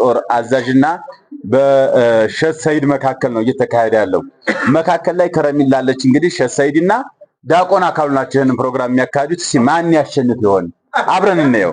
ጦር አዛዥና በሸት ሰይድ መካከል ነው እየተካሄደ ያለው። መካከል ላይ ከረሚላለች እንግዲህ ሸት ሰይድ እና ዲያቆን አካሉ ናቸው ይህንን ፕሮግራም የሚያካሂዱት። እስኪ ማን ያሸንፍ ይሆን? አብረን እንየው።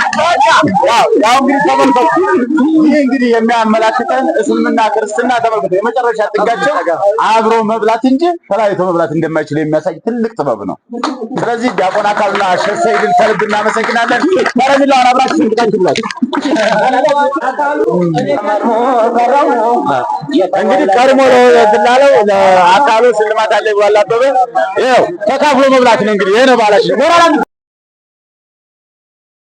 ያው እንግዲህ ተመልከቱ። ይህ እንግዲህ የሚያመላክተን እስልምና ክርስትና ተመልከቱ፣ የመጨረሻ ጥጋቸው አብሮ መብላት እንጂ ተለያይቶ መብላት እንደማይችል የሚያሳይ ትልቅ ጥበብ ነው። ስለዚህ ዲያቆን አካሉና ሼህ ከልብ እናመሰግናለን። ረሚላን አብራችሁ እንግዳችላል እንግዲህ ቀድሞ ስላለው ለአካሉ ሽልማት አለ ይባል አበበ ይኸው ተካፍሎ መብላት ነው። እንግዲህ ይሄ ነው ባህላችን።